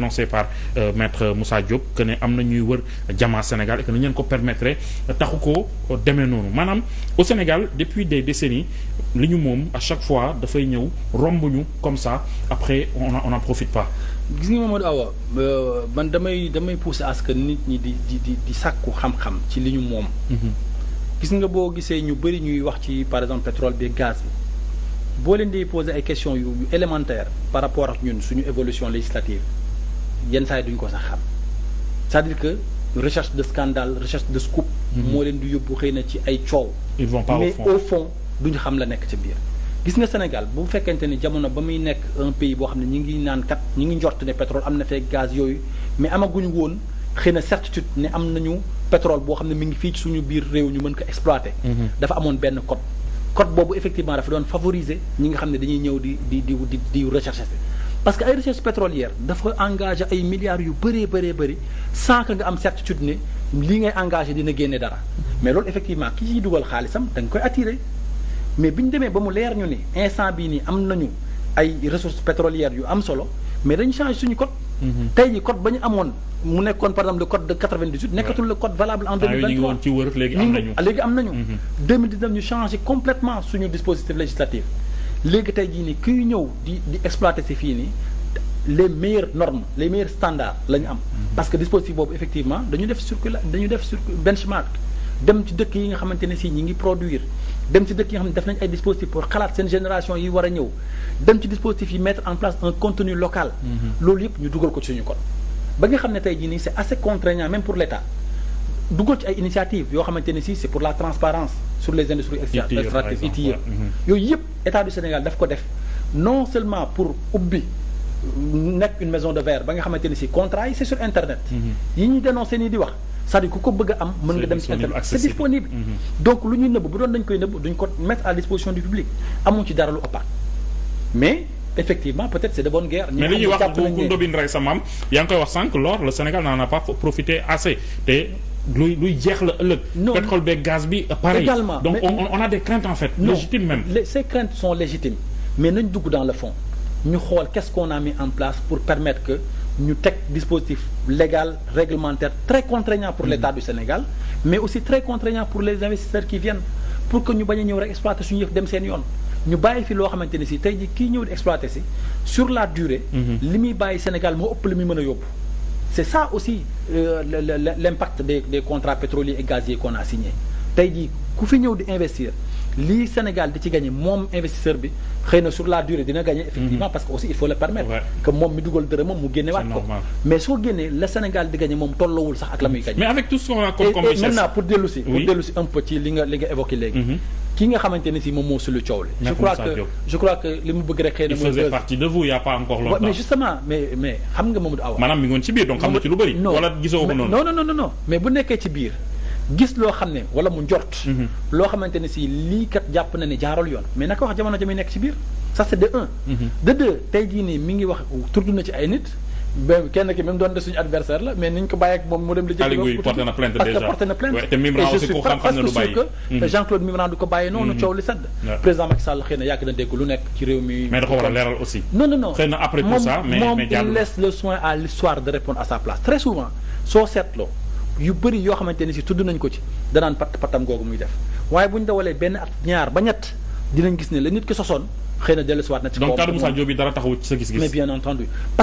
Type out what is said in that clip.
énoncé par euh, maître Moussa Diop que ne am na ñuy wër jamaa Sénégal et que ko permettre taxu ko euh, demee noonu maanaam au Sénégal depuis des décennies li ñu moom à chaque fois dafay ñëw romb ñu comme ça après on on n'en gis nga Mamadou euh, man damay damay pousser à ce nit ñi di di di di sàkku xam-xam ci li ñu moom. Mhm. gis nga boo gisee ñu bëri ñuy wax ci par exemple pétrole bi gaz boo leen di poser ay questions yu élémentaires par rapport ak ñun suñu évolution législative. yenn saa yi duñ ko sax xam c'est-à-dire que recherche de scandale recherche de scoop. Mhm. moo leen di yóbbu xëy na ci ay coow. ils vont pas mais au fond duñ xam la nekk ci biir. gis nga Sénégal bu fekkente ni jamono ba muy nekk un pays boo xam ne ñi ngi naan kat ñi ngi njort ne pétrole am na fee gaz yooyu mais amaguñu woon xëy na certitude ne am nañu pétrole boo xam ne mi ngi fii ci suñu biir réew ñu mën ko exploiter. Mhm. dafa amoon benn code. code boobu effectivement dafa doon favoriser ñi nga xam ne dañuy ñëw di di di di di recherche parce que ay recherche pétrolière dafa engagé ay milliards yu bëree bëree bëri sans que nga am certitude ne li ngay engagé dina génne dara mais loolu effectivement ki ciy dugal xaalisam da nga koy attiré mais bi ñu demee ba mu leer ñu ni instant bi nii am nañu ay ressources pétrolières yu am solo mais dañu changé suñu code. Mhm. tey jii code ba ñu amoon mu nekkoon par exemple le code de 98. nekkatul le code valable en 2023 ñu ngi woon ci mhm. suñu dispositif législatif. léegi tey jii nii kuy ñëw di di exploiter si fii nii les meilleures normes les meilleurs standards la ñu am. Mm-hmm. parce que dispositif boobu effectivement dañu def circula dañu def circu benchmark dem ci dëkk yi nga xamante ne si ñi ngi produire dem ci dëkk yi nga xam ne def nañ ay dispositifs pour xalaat seen génération yi war a ñëw dem ci dispositifs yi mettre en place un contenu local. Mm-hmm. loolu yëpp ñu dugal ko ci suñu kon ba nga xam ne tey jii nii c'est assez contraignant même pour l'État dugal ci ay yoo xamante ne si pour la transparence sur les industries extractives ITIE mhm. yooyu yëpp état du Sénégal daf ko def non seulement pour ubbi nekk une maison de verre ba nga xamante ni si contrat yi c'est sur internet mhm. yi ñuy dénoncé nii di wax c'est-à-dire ku ko bëgg a am mën nga dem ci internet c'est disponible mhm. donc lu ñuy nëbb bu doon dañ koy nëbb duñ ko mettre à disposition du public amuñ ci dara lu opaque mais effectivement peut-être c'est de bonne guerre. mais li ñuy wax ku ndobin rey sa maam yaa ngi koy a pas profité assez luy luy jeex la ëllëg. pétrole beeg gaz bi pareil. donc on, on a des craintes en fait. Non, légitimes même les, ces craintes sont légitimes mais nañ dugg dans le fond ñu xool qu'est-ce qu'on a mis en place pour permettre que ñu teg dispositif légal réglementaire très contraignant pour mm-hmm. l'État du Sénégal mais aussi très contraignant pour les investisseurs qui viennent pour que ñu bañ a ñëw rek exploiter suñu yëf dem seen yoon ñu bàyyi fi loo xamante ni si tey ji kii ñëw di exploiter si sur la durée. Mm-hmm. li muy bàyyi Sénégal moo ëpp li muy mën a yóbbu. c'est ça aussi euh, l'impact des des contrats pétroliers et gaziers qu'on a signé tey jii ku fi ñëw di investir lii Sénégal di ci gagné moom investisseur bi xëy na sur la durée dina gagné effectivement mhm. parce que aussi il faut le permettre ouais. moom mi dugal dërëm moom mu génnewaat ko mais soo génnee la Sénégal di gagné moom tolloowul sax ak la muy gagné mais avec tout ce qu'on a comme richesse maintenant pour dellu si pour dellu si un ci li nga li nga évoqué léegi mhm. ki nga xamante ne si moom moo sulu coow li je crois que je crois que li mu bëgg rek xëy na il ngi woon mais bu nekkee ci biir gis loo xam ne wala mu njort mhm. loo xamante ne si lii kat jàpp na ne jaarul yoon mais naka wax jamono ja muy nekk ci biir ça c'est de un mhm. de deux tey jii nii ngi wax tudd na ci ay nit ba kenn ki même doon de suñu adversaire la mais niñ ko bàyyi moom mu dem li jëkk porté na plainte déjà porté na plainte et je suis presque sûr que mm-hmm. Jean Claude Mimran du ko bàyyi noonu mm-hmm. coow li sedd président Macky Sall xëy na yàgg na dégg lu nekk ci réew mi mais da ko war leeral aussi non non non xëy après tout ça moom il laisse le soin à l'histoire de répondre à sa place très souvent soo seetloo yu bëri yoo xamante ni si